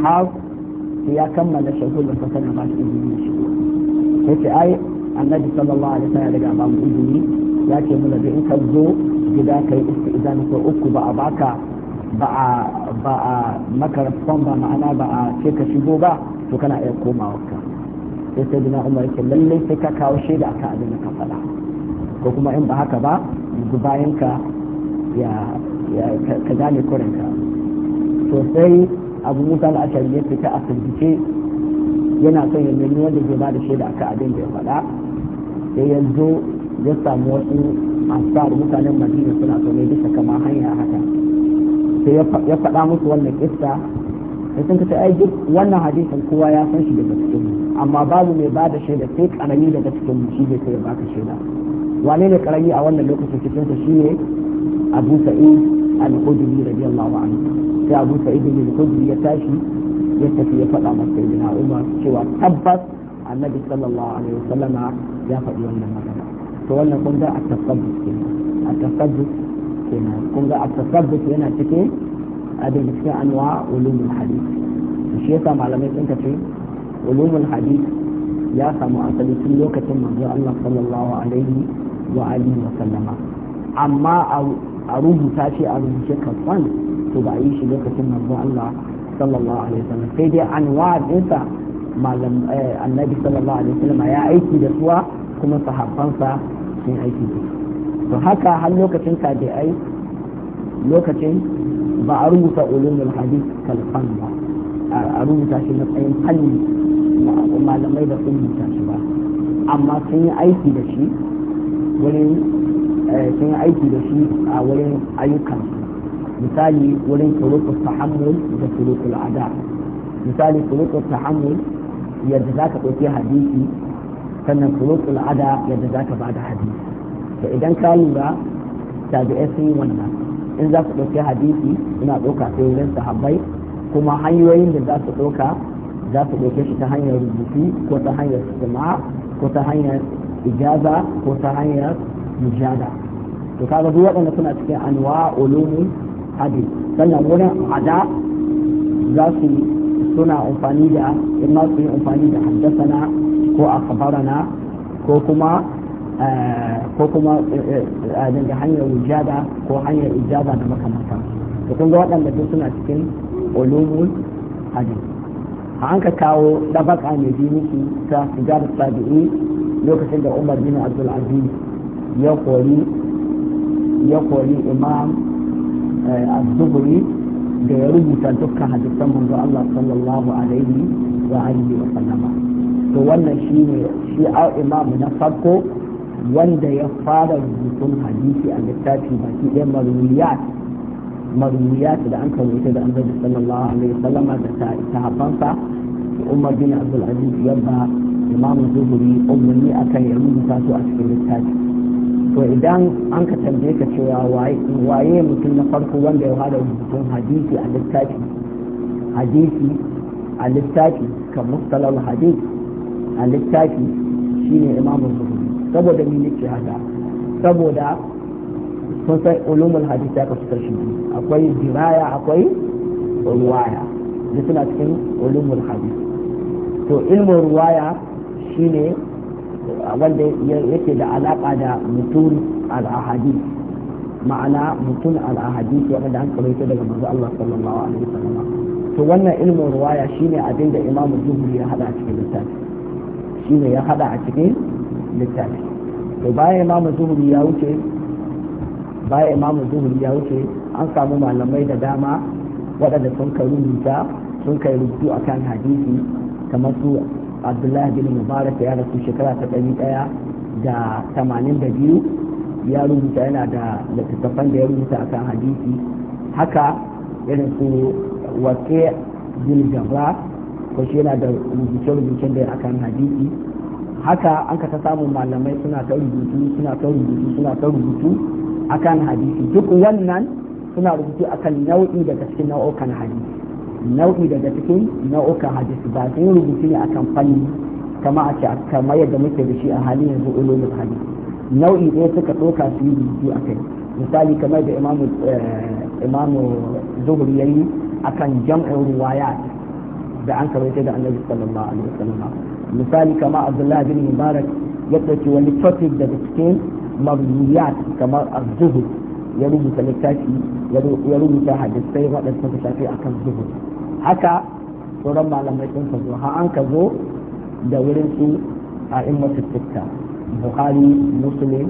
har sai ya kammala shagulansa sannan ba shi izinin shi ce ai annabi sallallahu alaihi wasallam daga ba mu izini ya ce mu nabi in ka zo gida kai idan ko uku ba a baka ba a ba a maka rafon ba ma'ana ba a ce ka shigo ba to kana iya komawa ka sai sai dina umar ke lalle sai ka kawo shaida ka abin da ka faɗa ko kuma in ba haka ba yanzu bayan ka ya ka gane kurinka to sai abu musa al'ashari ya fita a firgice yana son ya nemi wanda ke ba da shaida akan abin da ya faɗa sai ya zo ya samu wasu asar mutanen madina suna zaune bisa kama hanya haka sai ya faɗa musu wannan kissa sai sun kace ai duk wannan hadisin kowa ya san shi daga cikin amma babu mai ba da shaida sai karami daga cikin mu shi sai ya baka shaida wane ne karami a wannan lokacin cikin sa shine Abu Sa'id al-Khudri radiyallahu anhu sai Abu Sa'id al-Khudri ya tashi ya tafi ya faɗa masa sayyidina Umar cewa tabbas annabi sallallahu alaihi wasallam ya faɗi wannan magana to wannan kun ga at-tasabbut kenan at-tasabbut kenan kun ga at-tasabbut yana cikin abin da cikin anwa ulumul hadith shi yasa malamai sun tafi ulumul hadith ya samu asali tun lokacin manzo Allah sallallahu alaihi wa alihi wa sallama amma a rubuta shi a rubuce kafan to ba a yi shi lokacin manzo Allah sallallahu alaihi wasallam sai dai anwa dinsa eh, annabi sallallahu alaihi wasallam ya aiki da suwa kuma sahabbansa sun aiki da to haka har lokacin tabi'ai lokacin ba a rubuta ulumul hadith kalfan ba a rubuta shi matsayin fanni malamai da sun rubuta shi ba amma sun eh, aiki da shi a wurin ayyukansu misali wurin sulutul tahammul da sulutul ada misali sulutul tahammul yadda za ka ɗauki hadisi sannan sulutul ada yadda za ka bada hadisi to idan ka lura tabi'ai sun yi wannan in za ku ɗauki hadisi ina ɗauka sai wurin sahabbai kuma hanyoyin da za su ɗauka za su ɗauke shi ta hanyar rubutu ko ta hanyar sima ko ta hanyar ijaza ko ta hanyar mujada to kaga duk waɗanda suna cikin anwa ulumi hadin sannan wurin ada za su suna amfani da in ma su yi amfani da haddasana ko akhbarana ko kuma eh, ko kuma eh, eh, daga hanyar wujada ko hanyar ijaba da makamata to kun ga waɗanda duk suna cikin ulumul hadin a an ka kawo ɗabaka mai bi musu ta sigar sabi'i lokacin da umar bin abdul aziz ya kori ya kori imam az-Zuhri da ya rubuta duka hadisan manzo Allah sallallahu alaihi wa alihi wa to wannan shine shi al-imam na farko wanda ya fara rubutun hadisi a littafi baki ɗaya marwiyat marwiyat da an kawo da annabi sallallahu alaihi wa sallama da sahabbansa Umar bin Abdul Aziz yabba Imam Zuhri umarni akan ya rubuta su a cikin littafi to idan an ka tambaye ka cewa waye mutum na farko wanda ya fara rubutun hadisi a littafi hadisi a littafi kan mustalal hadis a littafi shine imamu zuhuri saboda ni nake haka saboda sun san ulumul hadis ya kasu kashi akwai diraya akwai ruwaya da suna cikin ulumul hadis to ilmin ruwaya shine wanda yake da alaƙa da mutum al'ahadi ma'ana mutum al'ahadi ke wanda an karoito daga manzo Allah sallallahu alaihi wasallam to wannan ilmin ruwaya shine abin da Imam Zuhri ya hada a cikin littafi shine ya hada a cikin littafi to bayan Imam Zuhri ya wuce bayan Imam Zuhri ya wuce an samu malamai da dama waɗanda sun karu rubuta sun kai rubutu akan hadisi kamar su abdullahi bin mubarak ya rasu shekara ta ɗari ɗaya da tamanin da biyu ya rubuta yana da littattafan da ya rubuta a kan hadisi haka irin su wake bin jabra ko shi yana da rubuce-rubucen da ya akan hadisi haka an ka ta samun malamai suna ta rubutu suna ta rubutu suna ta rubutu akan hadisi duk wannan suna rubutu akan nau'i daga cikin nau'ukan hadisi nau'i daga cikin nau'uka hadisi ba sun rubutu ne akan fanni kama a ce kamar yadda muke da shi a halin yanzu ulumul hadisi nau'i ɗaya suka ɗauka su yi rubutu a kai misali kamar da imamu eh, imamu zuhuri yayi akan jam'in ruwaya da an karanta da annabi sallallahu alaihi wasallam misali kama abdullahi bin mubarak ya ɗauki wani topic daga cikin mabniyat kamar az-zuhud ya rubuta littafi ya rubuta hadisai waɗanda suka shafi akan zuhud haka sauran malamai sun ka zo har an ka zo da wurin su a immatu sitta buhari muslim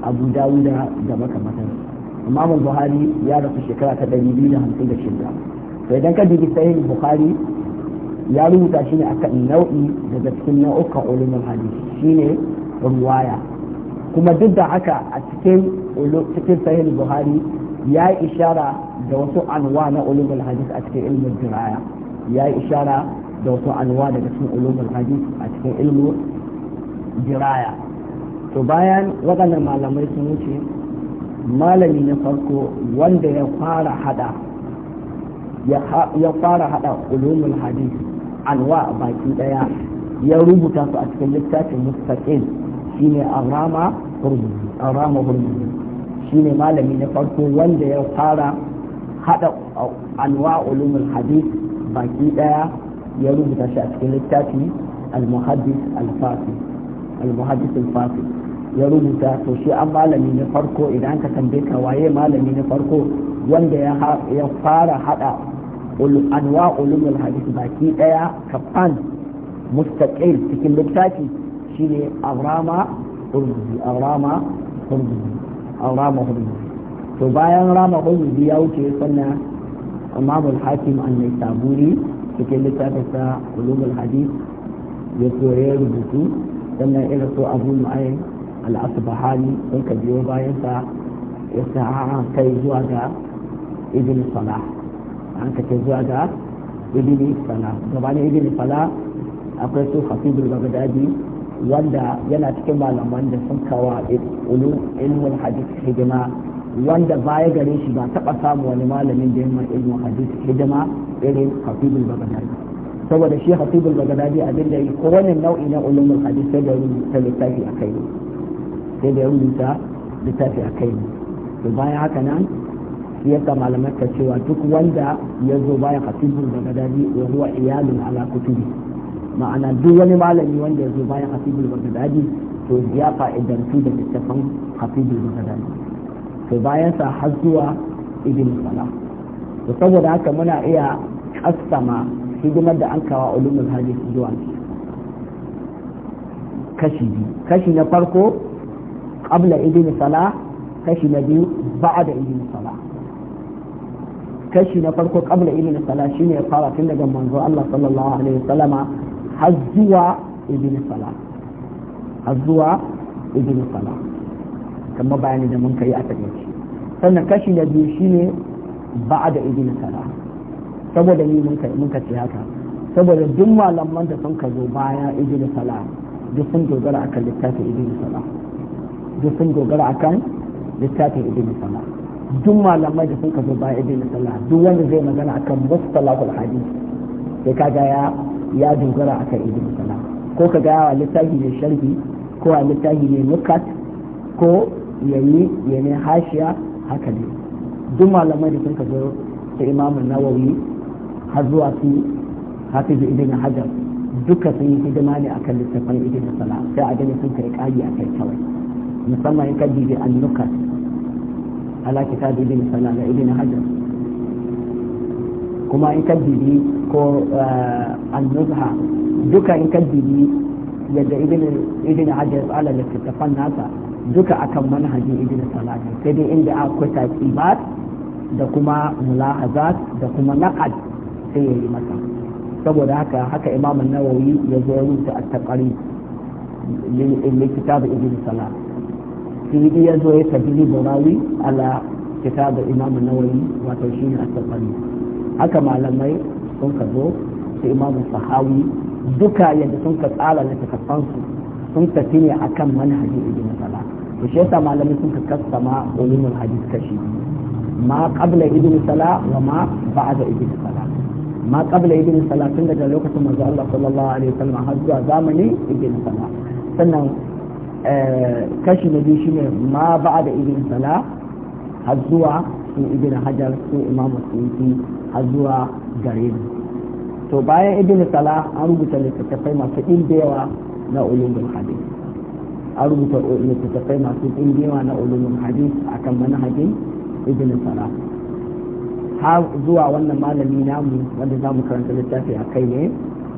abu dawuda da makamatan imam buhari ya rasu shekara ta ɗari biyu da hamsin da shida to idan ka dubi sahih buhari ya rubuta shi ne akan nau'i daga cikin nau'ukan ulumul hadisi shine ruwaya kuma duk da haka a cikin cikin sahih buhari ya yi ishara da wasu anwa na ulumul hadis a cikin ilmin jiraya. ya yi ishara da wasu anwa daga cikin ulumul hadis a cikin ilmin jiraya. to bayan waɗannan malamai sun wuce malami na farko wanda ya fara hada ya fara hada ulumul hadis anwa baki daya ya rubuta su a cikin littafin mustaqil shine arama hurmuzi arama hurmuzi shine malami na farko wanda ya fara hada anwa ulumul hadith baki daya ya rubuta shi a cikin littafi al-muhaddis al-fasi al-muhaddis al-fasi ya rubuta to shi an malami na farko idan ka tambaye ka waye malami na farko wanda ya fara hada anwa ulumul hadith baki daya kafan mustaqil cikin littafi shine abrama hurmuzi abrama hurmuzi avrama hurmuzi to bayan rama hurmuzi ya wuce sannan imamul hakim annai saburi cikin littafinsa ulumul hadith ya koya rubutu sannan irin so abu ma'ayin al'asubahani sun ka biyo sa ya sa'a kai zuwa ga ibn salah an ka kai zuwa ga ibn salah gabanin ibn salah akwai su hafizul bagdadi wanda yana cikin malaman da sun kawa ilmul hadith hidima wanda baya gare shi ba taba samu wani malamin da yamma ilmul hadith hidima irin hafizul bagadadi saboda shi hafizul bagadadi abin da yi ko wani nau'i na ulumul hadith sai da rubuta littafi a kai sai da rubuta littafi a kai to bayan haka nan shi yasa malamai ka cewa duk wanda ya zo bayan hafizul bagadadi wa huwa iyalin ala kutubi ma'ana duk wani malami wanda ya zo bayan hafizul bagdadi to ya su da littafin hafizul bagdadi to bayan sa har zuwa ibn salah to saboda haka muna iya kassama hidimar da an kawo ulumul hadith zuwa kashi biyu kashi na farko qabla ibn salah kashi na biyu ba'da ibn salah kashi na farko qabla ibn salah shine ya fara tun daga manzo Allah sallallahu alaihi wasallama har zuwa ibn salah har zuwa ibn salah kamar bayani da mun kai a takaice sannan kashi na biyu shine ba'a da ibn salah saboda ni mun ka ce haka saboda duk malaman da sun ka zo baya ibn salah duk sun dogara akan littafin ibn salah duk sun dogara akan littafin ibn salah duk malamai da sun ka zo baya ibn salah duk wanda zai magana akan mustalahul hadith sai kaga ya ya dogara akan ibn salam ko ka gaya wa littafi ne sharhi ko a littafi ne nukat ko yayi yayi hashiya haka ne duk malamai da sun ka zo imamu nawawi har zuwa su hafiz ibn hajar duka sun yi hidima ne akan littafin ibn salam sai a gani sun kai a akai kawai musamman in ka bibi an nukat ala kitab ibn salam da ibn hajar kuma in ka bibi ko eh, al duka in ka bibi yadda ibn ibn hajar ala littattafan nasa duka akan manhajin ibn salah sai dai inda akwai taqibat da kuma mulahazat da kuma naqad sai yayi masa saboda haka haka imam an-nawawi ya zo rubuta at-taqari li kitab ibn salah sai ya zo ya tabi rawi ala kitab imam an-nawawi wato shine at-taqari haka malamai sun ka zo su imamu sahawi duka yadda sun ka tsara littattafansu sun tafi ne akan manhaji ibn sala to shi yasa malamai sun ka kassama ulumul hadis kashi ma qabla ibn sala wa ma ba'da ibn sala ma qabla ibn sala tun daga lokacin manzo Allah sallallahu alaihi wasallam har zuwa zamani ibn sala sannan eh, kashi na biyu shine ma ba'da ibn sala har zuwa su ibn hajar su imamu suyuti har zuwa gare mu to bayan ibn salah an rubuta littattafai masu ɗimbewa na ulumul hadis an rubuta littattafai masu ɗimbewa na ulumul hadis akan manhajin ibn salah har zuwa wannan malami namu wanda zamu karanta littafi a kai ne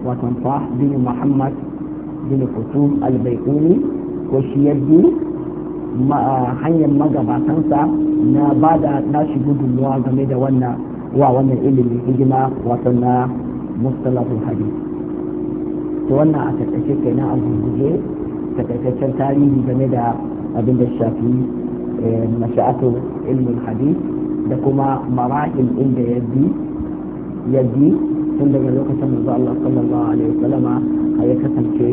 watan fa bin muhammad bin kutub, al-baiquni ko shi yadda hanyar magabatansa na bada nashi gudunmuwa game da wannan wa wannan ilimin hidima wato na mustalahul hadith to wannan a takaice kenan a gurguje takaitaccen tarihi game da abin da shafi eh, masha'atu ilmin hadith da kuma marahil inda yaddi bi tun daga lokacin manzo Allah sallallahu alaihi wasallama ya kasance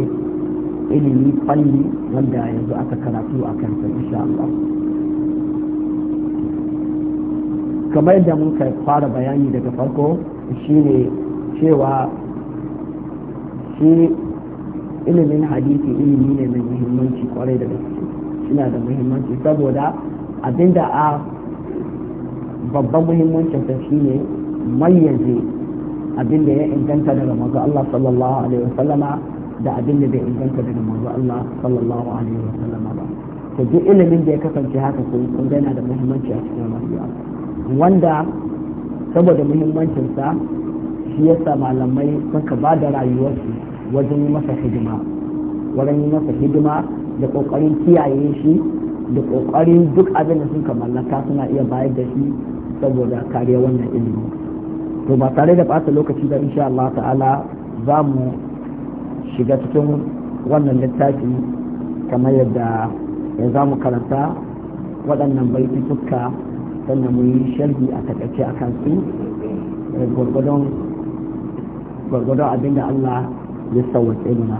ilimi fanni wanda yanzu aka karatu a kansa insha Allah kamar yadda muka fara bayani daga farko shine cewa shi ilimin hadisi ilimi ne mai muhimmanci kwarai da gaske suna da muhimmanci saboda abinda a babban muhimmancin ta shine mayyaze abinda ya inganta daga mazu Allah sallallahu alaihi wasallama da abinda bai inganta daga mazu Allah sallallahu alaihi wasallama ba to duk ilimin da ya kasance haka kun gana da muhimmanci a cikin rayuwa wanda saboda muhimmancinsa shi yasa malamai suka ba da rayuwarsu wajen yi masa hidima wajen yi masa hidima da kokarin kiyaye shi da kokarin duk abin da suka mallaka suna iya bayar da shi saboda kariya wannan ilimi to ba tare da ɓata lokaci ba insha Allah ta'ala za mu shiga cikin wannan littafi kamar yadda ya za mu karanta waɗannan baiti sannan mu yi sharhi a takaice a kan su eh, gwargwadon abinda Allah ya sauwace mana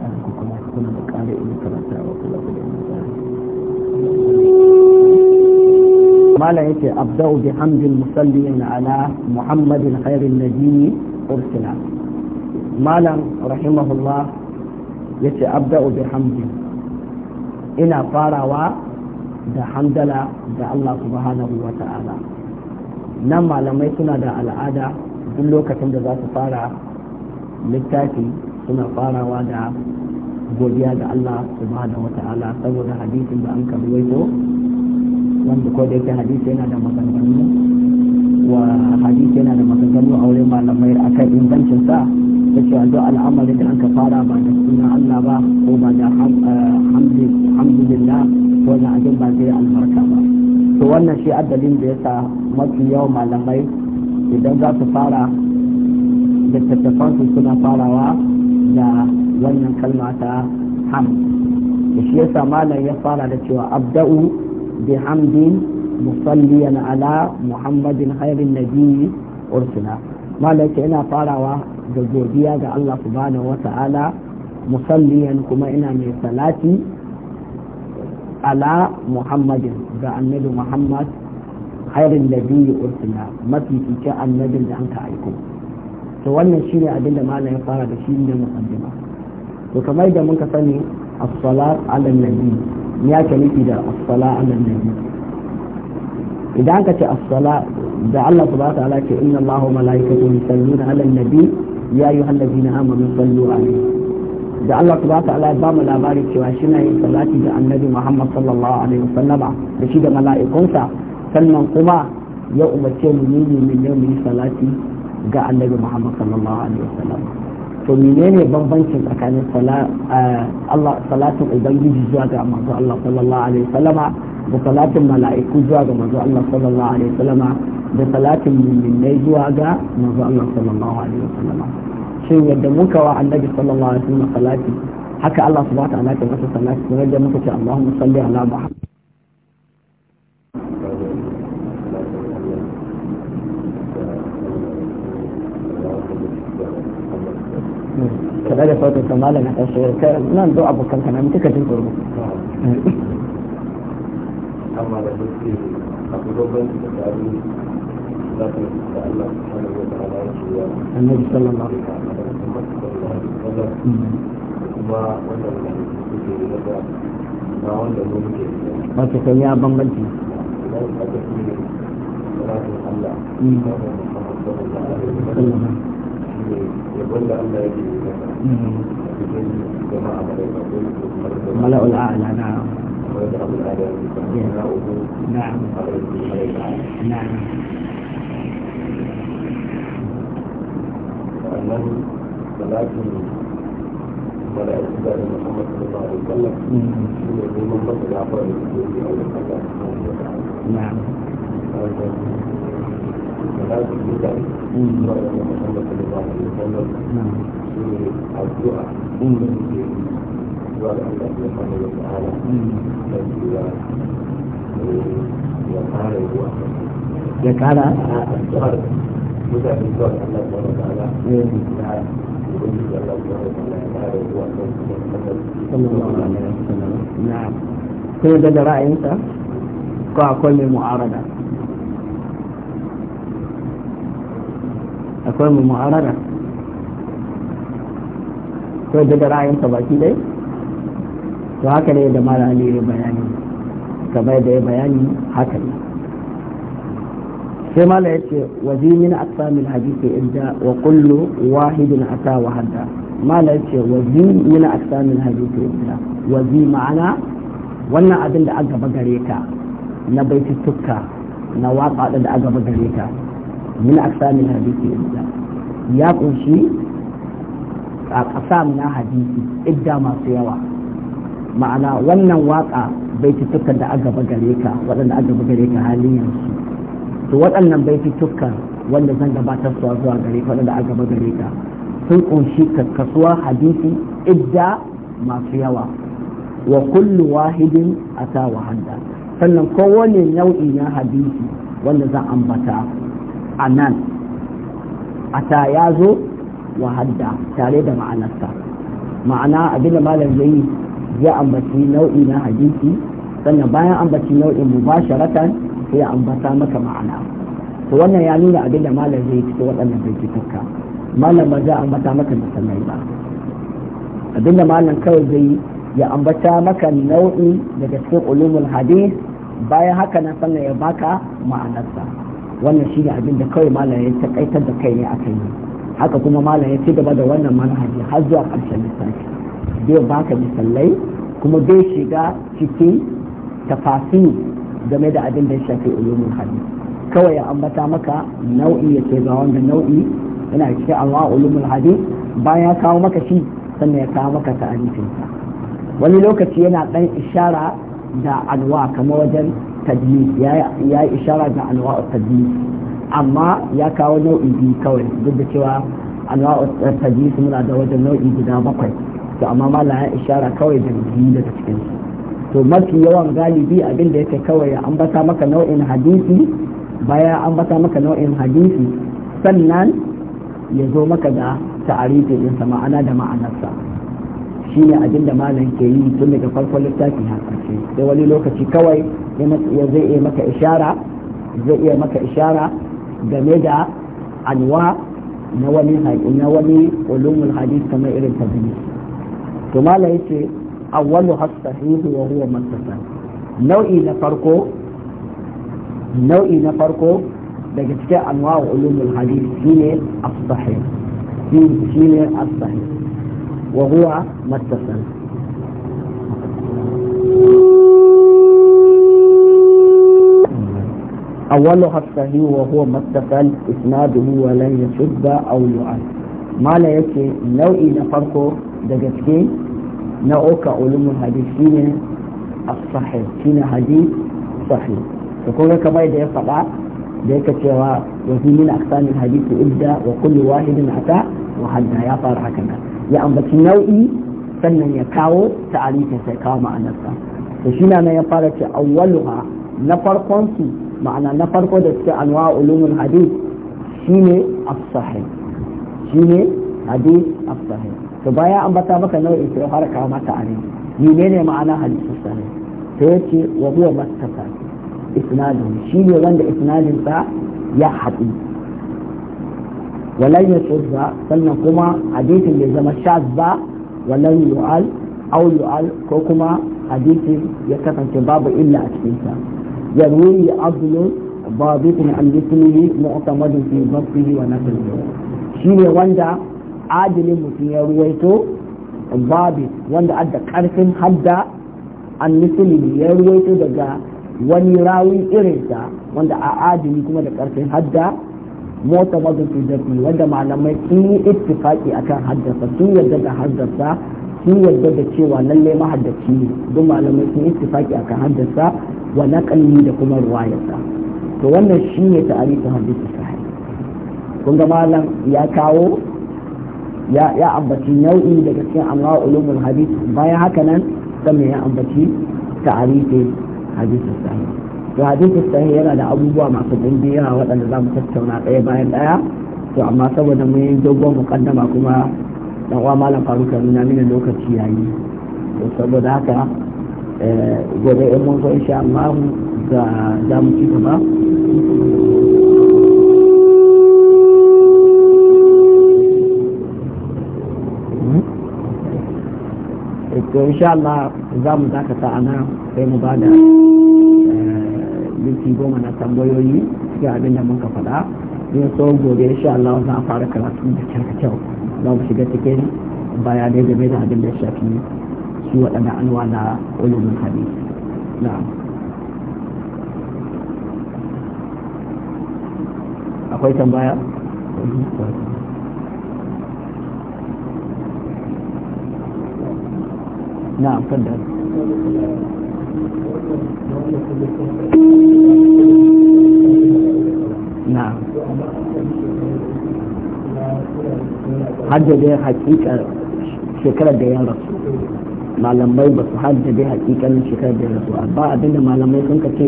eh, kuma kuna da ƙara ilimin karanta wa kula da malam yake abda'u bi hamdin musallin ala muhammadin khairin nabiyyi ursila malam rahimahullah yace abda'u bi hamdin ina farawa da hamdala da Allah subhanahu wa ta'ala nan malamai suna da al'ada duk lokacin da za su fara littafi suna farawa da godiya ga Allah subhanahu wa ta'ala saboda hadisin da an ko wanda ko da yake hadisi yana da maganganu wa hadisi yana da maganganu a wurin malamai akan ingancin sa da cewa al'amari da aka fara ba da suna Allah ba ko ba da alhamdulillah eh, ko na abin ba zai albarka ba to wannan shi addalin da yasa mafi yawan malamai idan za su fara littattafansu suna farawa da wannan kalma ta ham da shi sa malam ya fara da cewa abda'u bi hamdin musalliyan ala muhammadin khairin nabiyyi ursula malaka ina farawa da godiya ga Allah subhanahu ta'ala musalliyan kuma ina mai salati ala muhammadin ga annabi muhammad khairin da biyu ursula mafi cikin annabin da an aiko to wannan shi ne abinda malam ya fara da shi ne muqaddima to kamar da muka sani as-salat ala nabi ya ke nufi da as-salat ala nabi idan ka ce asala da Allah subhanahu wa ta'ala ce inna Allah wa yusalluna 'alan nabi ya ayyuhallazina amanu sallu 'alaihi da Allah subhanahu wa ba mu labari cewa shi na yin salati da Annabi Muhammad sallallahu alaihi wasallama da shi da mala'ikunsa sannan kuma ya umarce mu ne mu salati ga Annabi Muhammad sallallahu alaihi wasallama to menene bambancin tsakanin eh, salatin ubangiji zuwa ga Allah sallallahu alaihi wasallama da salatin mala'iku zuwa ga manzo Allah sallallahu alaihi wasallama da salatin mumminai zuwa ga manzo Allah sallallahu alaihi wasallama shin yadda muka wa annabi sallallahu alaihi wasallam salati haka Allah subhanahu wa ta'ala ke masa salati kuma yadda muka ce Allahumma salli ala Muhammad kada da sautin samalan a ƙarshe nan zo abokan kana mutuka jin gurgu kan malamai ce abu babban da ta yi da Allah subhanahu wa ta'ala ala ce ya annabi sallallahu alaihi wa sallam kuma wanda da suke ba wanda mu ya bambanci ka ne Allah mm. mm. ya da da mala'ul a'la na'am نعم نعم وأنه ولكن ولا إسلام محمد صلى الله عليه وسلم يقول من بطل عفر الدنيا أو الحياة نعم ولكن بذلك وأن محمد صلى الله عليه وسلم الدعاء ya a da ko akwai mai mu'arada akwai mai mu'arada ko da ra'ayinsa baki dai to haka ne da mara ali ya bayani kamar da ya bayani haka ne sai mala ya ce wazi min aksamil hadisi idda wa kullu wahidin ata wa hadda mala ya ce wazi min aksamil hadisi idda wazi ma'ana wannan abin da aka bagare ka na tukka na waka da aka bagare ka min aksamil hadisi idda ya kunshi a kasam na hadisi idda masu yawa ma'ana wannan waka baitutukan da aka gare ka waɗanda aka gare ka halin yanzu to waɗannan baitutukan wanda zan gabatar su zuwa gare ka waɗanda aka gare ka sun kunshi kakkasuwa hadisi idda masu yawa wa kullu wahidin ata wa hadda sannan kowane nau'i na hadisi wanda zan ambata a nan ata ya zo wa hadda tare da ma'anarsa ma'ana abinda malam zai yi ya ambaci nau'i na hadisi sannan bayan ambaci nau'in mubasharatan sai ya ambata maka ma'ana to wannan ya nuna abin da malam zai cikin waɗannan bincikakka malam ba za a ambata maka misalai ba abin da malam kawai zai ya ambata maka nau'i daga cikin ulumul hadis bayan haka na sannan ya baka ma'anarsa wannan shi ne abin da kawai malam ya taƙaitar da kai ne a kai haka kuma malam ya ci gaba da wannan manhaji har zuwa ƙarshen lissafi bai baka misalai kuma bai shiga cikin tafasi game da abin da ya shafi ulumin hadis kawai ya ambata maka nau'i ya ce ga wanda nau'i yana cikin anwa ulumul hadis bayan ya kawo maka shi sannan ya kawo maka ta'arifinsa wani lokaci yana dan ishara da alwa kamar wajen tadlis ya yi ishara da anwa tadlis amma ya kawo nau'i biyu kawai duk da cewa anwa tadlis muna da wajen nau'i guda bakwai to amma mala ya ishara kawai da biyu daga cikin to mafi yawan galibi abin da yake kawai an bata maka nau'in hadisi baya an bata maka nau'in hadisi sannan ya zo maka da ta'arifi din sa ma'ana da ma'anarsa shi ne abin da malam ke yi tun daga farkon littafi har ƙarshe sai wani lokaci kawai ya zai iya maka ishara zai iya maka ishara game da anwa na wani na wani ulumul hadis kamar irin tabi'i to mala yace awwalu wa huwa nau'i na farko nau'i na farko daga cikin anwa'u ulumul hadith shine as-sahih shine as-sahih wa huwa mattasan أولها الصحيح وهو ما اتصل إسناده ولن يشد أو mala yake nau'i na farko daga gaske na oka ulumul hadith shine as-sahih shine hadith sahih da kuma kamar da ya faɗa da yake cewa wa fi aksanin aqsamil hadith ibda wa kullu wahidin ata wa hadda ya fara haka ya ambaci nau'i sannan ya kawo ta'arifin sai kawo ma'anarsa to shi na ya fara ce awwaluha na farkon su ma'ana na farko da suke anwa ulumul hadith shine as-sahih shine hadith as-sahih to baya an bata maka nau'in sai har ka mata a ni? are menene ma'ana hadith as-sahih to yace wa huwa mastaka isnadun shine wanda isnadin sa ya haɗu ya yasudda sannan kuma hadithin ya zama shaz ba walan yu'al au yu'al ko kuma hadithin ya kasance babu illa a cikin sa yarwi abdul ضابط عن جسمه معتمد في ضبطه ونقله shine wanda adilin mutum ya ruwaito babi wanda adda karfin hadda an musulmi ya ruwaito daga wani rawi irinsa wanda a adili kuma da karfin hadda mota su jafi wanda malamai sun yi ittifaki akan haddasa sun yarda da haddasa sun yarda da cewa lalle mahaddaci ne don malamai sun yi ittifaki akan haddasa wa naƙalli da kuma ruwayarsa to wannan shi ne ta'arifin hadisi sahih kun ga malam ya kawo ya ambaci nau'i daga cikin amma ulumul hadith bayan haka nan sannan ya ambaci ta'arifi ta sahih to hadith sahih yana da abubuwa masu dimbin waɗanda za mu tattauna ɗaya bayan ɗaya to amma saboda mu yi dogon mukaddama kuma dan uwa malam faruk nuna mini lokaci yayi to saboda haka eh, gobe in mun zo insha Allah za mu ci gaba to insha Allah za mu dakata ana sai mu ba da eh, minti goma na tambayoyi ga abin da muka faɗa in so gobe insha Allah za a fara karatu da kyau za mu shiga cikin bayanai game da abin da shafi shi waɗanda anwa na ulumin hadisi na akwai tambaya? نعم تفضل نعم haddade حقيقة shekarar da ya rasu malamai ba su haddade hakikalin shekarar da ya rasu amma abinda malamai sun ka ce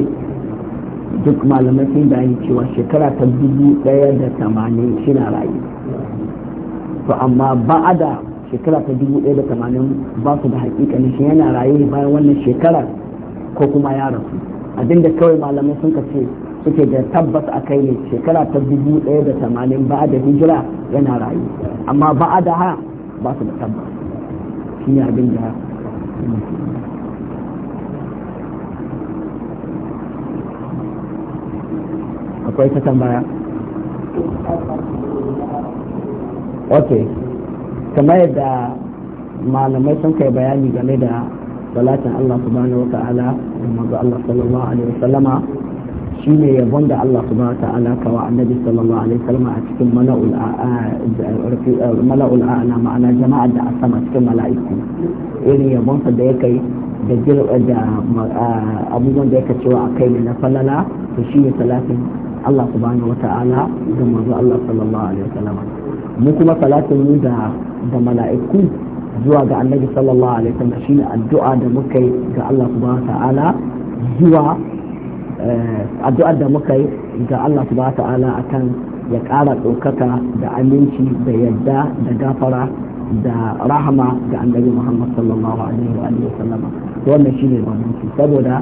duk malamai sun bayani cewa shekara ta dubu daya da tamanin shina rayu to amma ba a da shekara ta dubu ɗaya da tamanin ba su da hakikani, shi yana raye bayan wannan shekarar ko kuma ya rasu abinda kawai malamai sun ka ce suke da tabbas a kai ne shekara ta dubu ɗaya da tamanin ba da hijira yana raye amma ba a da ha ba su da tabbas shi ne abin da akwai ta tambaya Okay. kamar yadda malamai sun kai bayani game da salatin Allah subhanahu wa ta'ala da manzo Allah sallallahu alaihi wa sallama ne yabon da Allah subhanahu wa ta'ala kawa annabi sallallahu alaihi wa sallama a cikin mala'ul mala'ul ma'ana jama'a da a sama cikin mala'iku irin yabon sa da ya kai da da abubuwan da yake cewa akai ne na falala to ne salatin Allah subhanahu wa ta'ala da manzo Allah sallallahu alaihi wa sallama mu kuma salatin mu da da mala'iku zuwa ga annabi sallallahu alaihi wasallam shine addu'a da muka yi ga Allah subhanahu ta'ala zuwa eh, addu'a da muka yi ga Allah subhanahu ta'ala akan ya ƙara ɗaukaka da aminci da yadda da gafara da rahama ga annabi Muhammad sallallahu alaihi wa alihi wasallama wannan shine bambanci saboda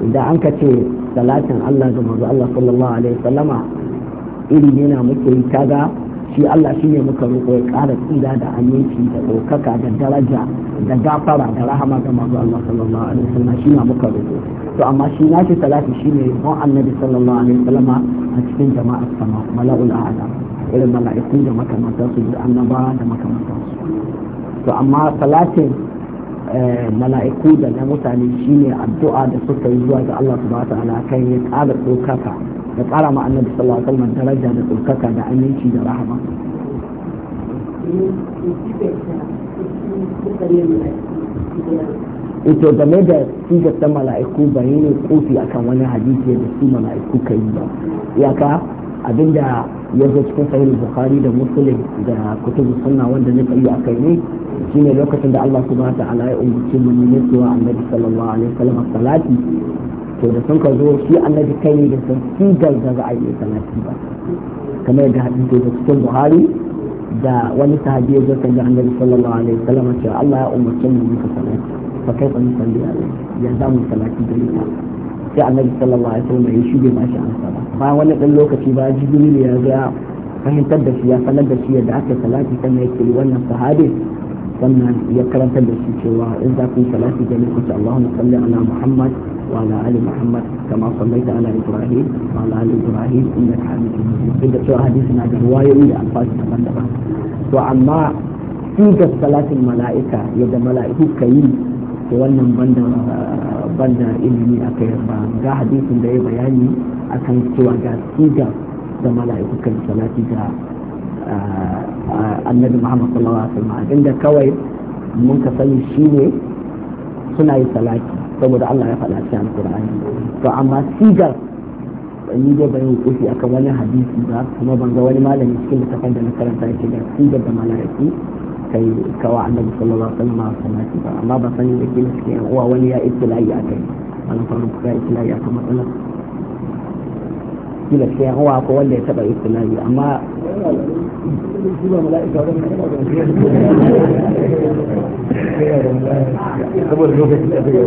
idan an ka ce salatin Allah ga manzo Allah sallallahu alaihi wasallama iri ne na muke yi kaga shi Allah shi ne muka roƙo ya ƙara tsira da aminci da ɗaukaka da daraja da gafara da rahama ga manzo Allah sallallahu alaihi wasallam shi ne muka roƙo to amma shi na shi salati shi ne don annabi sallallahu alaihi wasallam a cikin jama'ar sama mala'ul a'la irin mala'iku da makamantansu da annabawa da makamantansu to amma salatin eh, mala'iku da na mutane shi ne addu'a da suka yi zuwa ga Allah subhanahu wa ta'ala kan ya ƙara ɗaukaka ya kara ma annabi sallallahu alaihi wasallam daraja da tsokaka da aminci da rahama ito game da sigar ta mala'iku ba yi ne kofi akan wani hadisi da su mala'iku ka yi ba iyaka abinda ya zo cikin sahih bukhari da muslim da kutubu sunna wanda zai yi a kai ne shine lokacin da Allah subhanahu wa ta'ala ya umurci mu ne cewa annabi sallallahu alaihi wasallam salati to da sun ka zo shi annabi kai ne da sun sigar da za a yi salati ba kamar yadda hadisi da cikin buhari da wani sahabi ya zaka da annabi sallallahu alaihi wasallam cewa Allah ya umarce mu muka salati fa kai fa musalli alaihi ya za mu salati da ita sai annabi sallallahu alaihi wasallam ya shige ma shi an ansa ba wani dan lokaci ba jibril ya zo fahimtar da shi ya sanar da shi yadda aka salati sannan yake wannan sahabi wannan ya karanta da shi cewa in za ku yi salati ga lokaci Allahumma salli ala Muhammad wa ala ali Muhammad kama sallaita ala Ibrahim wa ala ali Ibrahim innaka Hamidum Majid duk da cewa hadisi na da ruwayoyi da alfasu daban-daban to amma da salatin mala'ika yadda mala'iku ka yi to wannan banda banda ilimi aka yi ba ga hadisin da ya bayani akan cewa ga sigar da mala'iku kan salati ga ah, annabi muhammad sallallahu alaihi wasallam abinda kawai mun ka sani shine suna yi salaki saboda Allah ya faɗa cikin alƙur'ani to amma sigar ni dai ban yi kofi akan wani hadisi ba kuma ban ga wani malami cikin littafin da na karanta yake da sigar da malaki kai kawa annabi sallallahu alaihi wasallam salati ba amma ba sani da ke cikin uwa wani ya ibtila'i akai an faru ka ibtila'i akan matsalar kila sai hawa ko wanda ya taba istilahi amma saboda lokacin da suke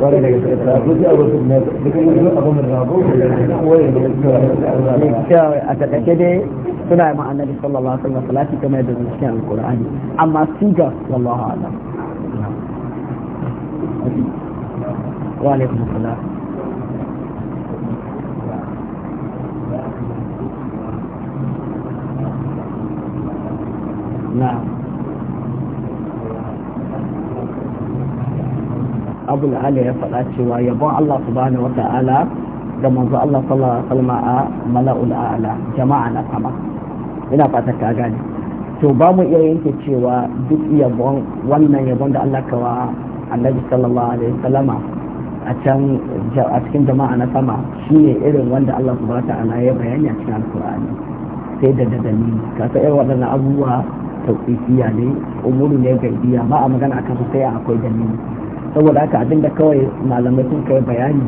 kwarai daga sai ta zuci a wasu ne duka yin abin da rabu wani da ya a takaice dai suna yi ma'anar sallallahu alaihi wasallam salati kuma yadda zuci cikin alkur'ani amma siga wallahu a'lam wa alaikum assalam na'am abu ala ya faɗa cewa yabon Allah subhanahu wata'ala da manzo Allah sallallahu alaihi wasallam a mala'ul a'la jama'a na sama ina fata ka gane to ba mu iya yanke cewa duk yabon wannan yabon da Allah kawa annabi sallallahu alaihi wasallama a can a cikin jama'a na sama shine irin wanda Allah subhanahu ta'ala ya bayani a cikin alkur'ani sai da da dalili ka sai irin abubuwa tauƙiƙiya ne umuru ne gaibiya ba a magana a su sai akwai dalili saboda haka abinda kawai malamai sun kai bayani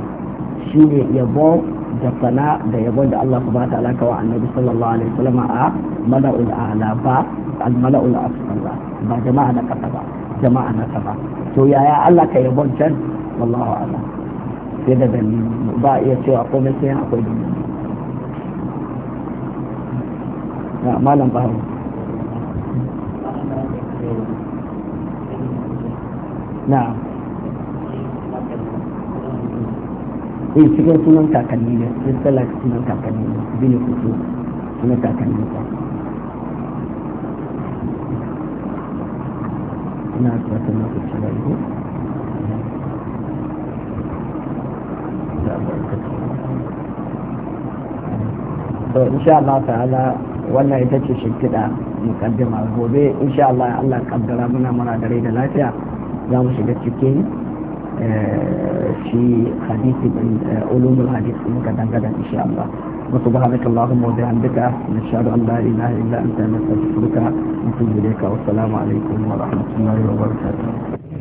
shine yabon da sana da yabon da Allah subhanahu wa ta'ala wa annabi sallallahu alaihi wasallam a mala'ul a'la ba al mala'ul asfal ba jama'a na kasa ba jama'a na kasa to yaya Allah ka yabon can wallahu a'lam sai da dalili ba iya cewa komai sai akwai dalili malam bahaushe na'am eh cikin sunan kakanni ne istala sunan kakanni ne bin kusu sunan kakanni ne ina fatan na kuci da ido to insha Allah ta'ala wannan ita ce shimfiɗa mukaddima gobe insha Allah Allah kaddara muna muna da rai da lafiya يرجع للسكين آه، في حديث من آه، علوم الحديث مجدا غدا ان شاء الله وسبحانك اللهم وبحمدك نشهد ان لا اله الا انت نستغفرك ونتوب اليك والسلام عليكم ورحمه الله وبركاته